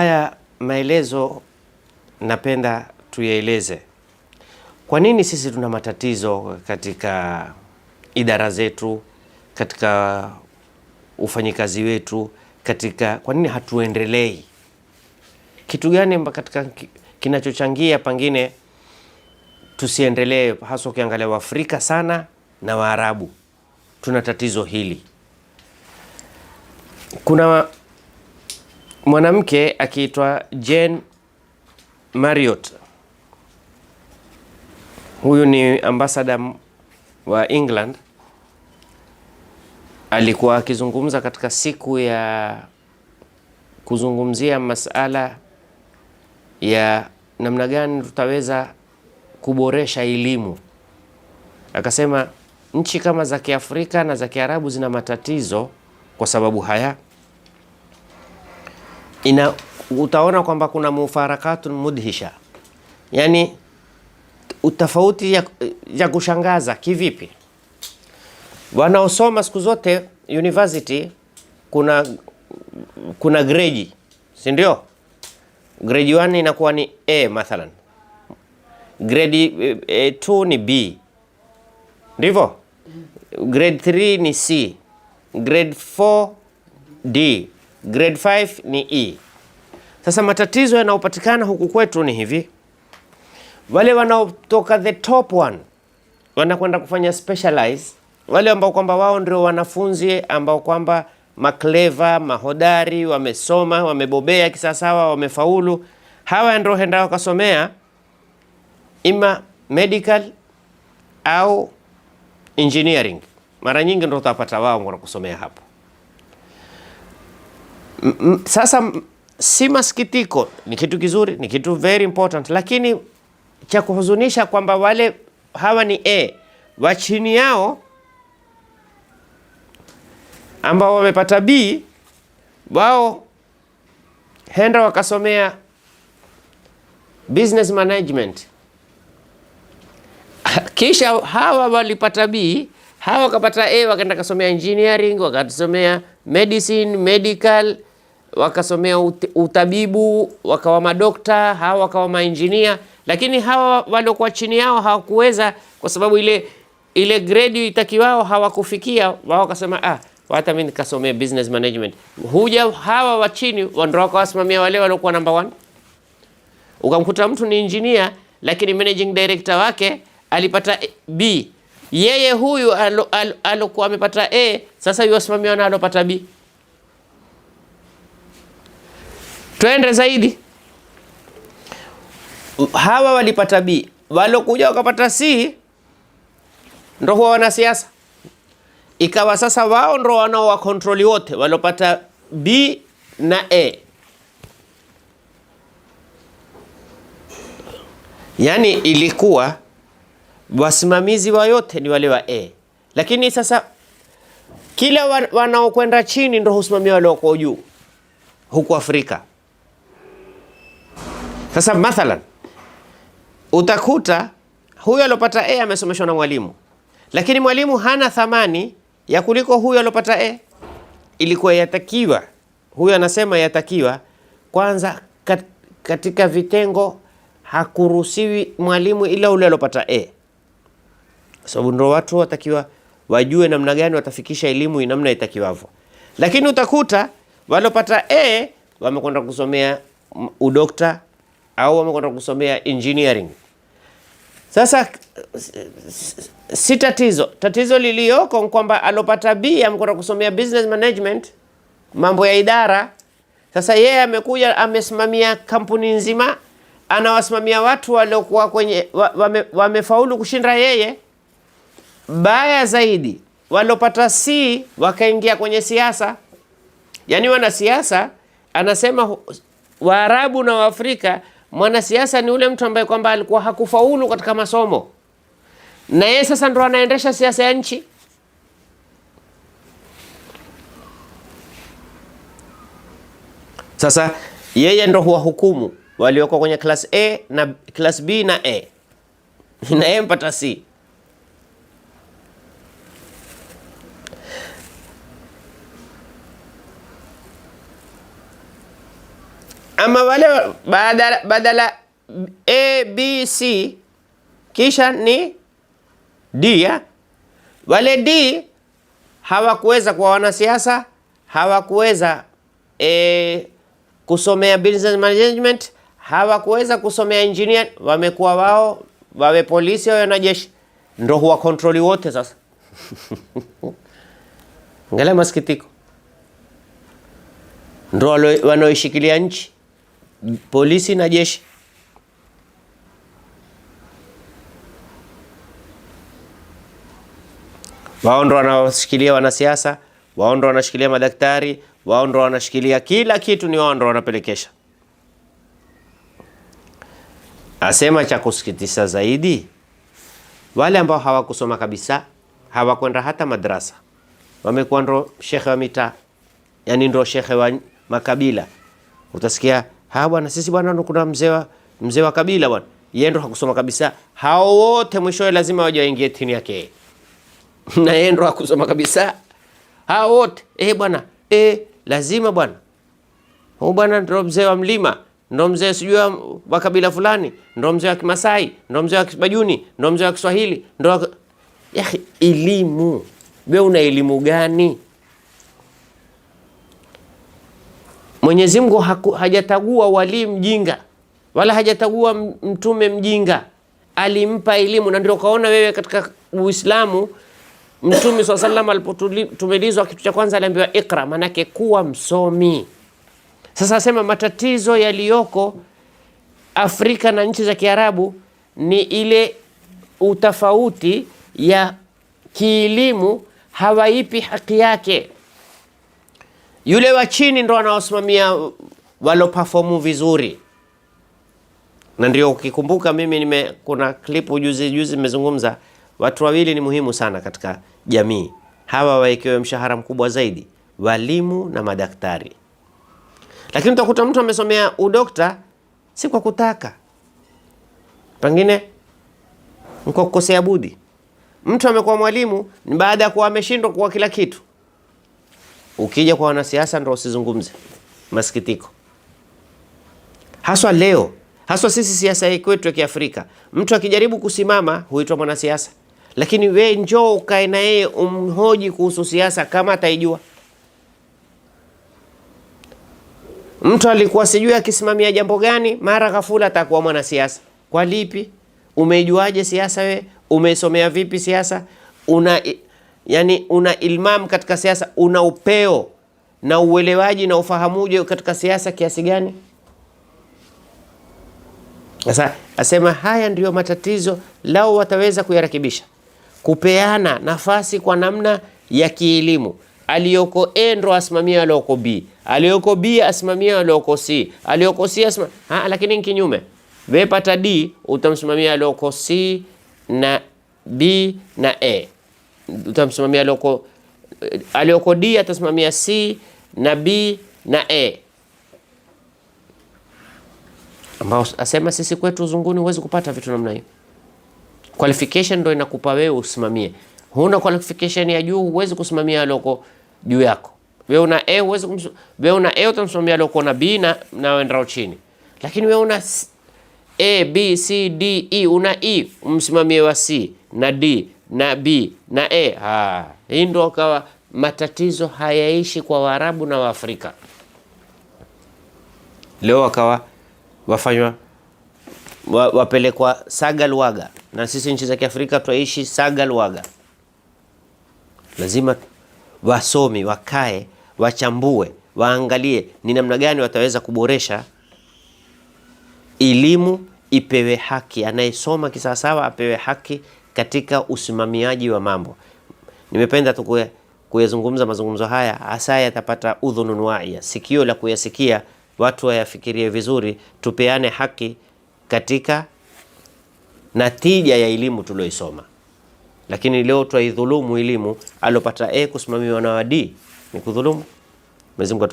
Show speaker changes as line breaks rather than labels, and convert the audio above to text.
Haya maelezo napenda tuyaeleze, kwa nini sisi tuna matatizo katika idara zetu, katika ufanyikazi wetu, katika kwa nini hatuendelei, kitu gani katika kinachochangia pengine tusiendelee, hasa ukiangalia Waafrika sana na Waarabu tuna tatizo hili. Kuna mwanamke akiitwa Jane Marriott. Huyu ni ambassador wa England, alikuwa akizungumza katika siku ya kuzungumzia masala ya namna gani tutaweza kuboresha elimu. Akasema nchi kama za Kiafrika na za Kiarabu zina matatizo kwa sababu haya ina utaona kwamba kuna mufarakatun mudhisha, yani utafauti ya, ya kushangaza. Kivipi? wanaosoma siku zote university kuna, kuna grade, si ndio? Grade 1 inakuwa ni A mathalan, grade 2 eh, eh, ni B, ndivyo? Grade 3 ni C, grade 4 D Grade 5 ni E. Sasa matatizo yanayopatikana huku kwetu ni hivi, wale wanaotoka the top one wanakwenda kufanya specialize, wale ambao kwamba wao ndio wanafunzi ambao kwamba makleva mahodari, wamesoma wamebobea kisasawa wamefaulu, hawa ndio henda wakasomea ima medical au engineering, mara nyingi ndio utapata wao wanakusomea hapo. M -m sasa si masikitiko, ni kitu kizuri, ni kitu very important, lakini cha kuhuzunisha kwamba wale hawa ni a wa chini yao ambao wamepata B wao henda wakasomea business management, kisha hawa walipata B hawa wakapata A wakaenda kasomea engineering, wakasomea medicine, medical, wakasomea utabibu, wakawa madokta, hawa wakawa maengineer, lakini hawa waliokuwa chini yao hawakuweza kwa sababu ile ile grade itakiwao hawakufikia. Wao wakasema ah, hata mimi nikasomea business management. Huja hawa wa chini ndio wakawasimamia wale waliokuwa number one. Ukamkuta mtu ni engineer, lakini managing director wake alipata B yeye huyu alokuwa amepata A sasa yuwasimamiwa na alopata B. Twende zaidi, hawa walipata B, walokuja wakapata C ndo huwa wanasiasa, ikawa sasa wao ndo wa kontroli wote walopata B na A. Yani ilikuwa wasimamizi wa yote ni wale wa A, lakini sasa kila wanaokwenda chini ndio husimamia wale wako juu huku Afrika. Sasa mathalan, utakuta huyu alopata A amesomeshwa na mwalimu, lakini mwalimu hana thamani ya kuliko huyu alopata A. Ilikuwa yatakiwa huyu anasema yatakiwa kwanza katika vitengo hakuruhusiwi mwalimu ila ule alopata A sababu ndio watu watakiwa wajue namna gani watafikisha elimu namna itakiwavyo. Lakini utakuta walopata A wamekwenda kusomea udokta au wamekwenda kusomea engineering. Sasa si tatizo, tatizo liliyoko kwamba alopata B amekwenda kusomea business management, mambo ya idara. Sasa yeye amekuja amesimamia kampuni nzima, anawasimamia watu waliokuwa kwenye wamefaulu wame kushinda yeye baya zaidi walopata C wakaingia kwenye siasa. Yaani wanasiasa, anasema Waarabu na Waafrika, mwanasiasa ni ule mtu ambaye kwamba alikuwa hakufaulu katika masomo na yeye sasa ndo anaendesha siasa ya nchi. Sasa yeye ndo huwahukumu walioko kwenye class A na class B na A na yeye mpata C. Ama wale badala, badala A, B, C kisha ni D ya. Wale D hawakuweza kuwa wanasiasa, hawakuweza e, kusomea business management, hawakuweza kusomea engineer, wamekuwa wao wawe polisi au wanajeshi, ndo huwa kontroli wote sasa. ngale masikitiko, ndo wanaoishikilia nchi polisi na jeshi. Wao ndo wanasiasa, wao ndo wanashikilia madaktari, wao ndo wanashikilia kila kitu, ni wao ndo wanapelekesha. Asema cha kusikitisha zaidi, wale ambao hawakusoma kabisa, hawakwenda hata madrasa, wamekuwa ndo shekhe wa mitaa, yani ndo shekhe wa makabila, utasikia ha bwana, sisi bwana, kuna mzee mzee wa kabila bwana, yeye ndo hakusoma kabisa. Hao wote mwishowe lazima waje waingie tini yake na yeye ndo hakusoma kabisa. Hao wote eh bwana, eh lazima bwana, huyu bwana ndo mzee wa mlima ndo mzee sijui wa kabila fulani, ndo mzee wa Kimasai, ndo mzee wa Kibajuni, ndo mzee wa Kiswahili, ndo yaani elimu. Wewe una elimu gani? Mwenyezi Mungu hajatagua walii mjinga wala hajatagua mtume mjinga, alimpa elimu, na ndio kaona wewe katika Uislamu Mtume swalla sallam alipotumilizwa, kitu cha kwanza aliambiwa ikra, maanake kuwa msomi. Sasa asema matatizo yaliyoko Afrika na nchi za Kiarabu ni ile utafauti ya kielimu, hawaipi haki yake yule wa chini ndo anawasimamia walopafomu vizuri, na ndio ukikumbuka, mimi nime kuna klipu juzi juzi nimezungumza watu wawili ni muhimu sana katika jamii, hawa waekewe mshahara mkubwa zaidi, walimu na madaktari. Lakini utakuta mtu amesomea udokta si kwa kutaka, pengine kwa kukosea budi. Mtu amekuwa mwalimu ni baada ya kuwa ameshindwa kwa kila kitu Ukija kwa wanasiasa ndo usizungumze masikitiko, haswa leo, haswa sisi siasa hii kwetu ya Kiafrika. Mtu akijaribu kusimama huitwa mwanasiasa, lakini we njoo ukae na yeye umhoji kuhusu siasa kama ataijua. Mtu alikuwa sijui akisimamia jambo gani, mara ghafula atakuwa mwanasiasa. Kwa lipi? Umeijuaje siasa? We umeisomea vipi siasa? una yani una ilmam katika siasa, una upeo na uelewaji na ufahamuji katika siasa kiasi gani? Sasa asema haya ndiyo matatizo, lao wataweza kuyarakibisha kupeana nafasi kwa namna ya kielimu aliyoko A ndo asimamia alioko B, aliyoko B asimamia alioko C, aliyoko C asma ha, lakini kinyume. Wewe pata D utamsimamia alioko C na B na A, utamsimamia alioko alioko D atasimamia C na B na A, e. ambao asema sisi kwetu uzunguni huwezi kupata vitu namna hiyo. Qualification ndio inakupa wewe usimamie. Huna qualification ya juu, huwezi kusimamia alioko juu yako. Wewe una A e, huwezi wewe una A e utamsimamia alioko na B na na wenda chini, lakini wewe una A B C D E, una E umsimamie wa C na D na B na A. Ha, hii ndio akawa matatizo hayaishi kwa Waarabu na Waafrika. Leo wakawa wafanywa wa, wapelekwa sagalwaga, na sisi nchi za Kiafrika twaishi sagalwaga. Lazima wasomi wakae, wachambue, waangalie ni namna gani wataweza kuboresha elimu, ipewe haki, anayesoma kisawasawa apewe haki katika usimamiaji wa mambo. Nimependa tu kuyazungumza mazungumzo haya, hasa yatapata udhunun waia, sikio la kuyasikia, watu wayafikirie vizuri, tupeane haki katika natija ya elimu tulioisoma. Lakini leo twaidhulumu elimu, alopata A kusimamiwa na D ni kudhulumu. Mwenyezi Mungu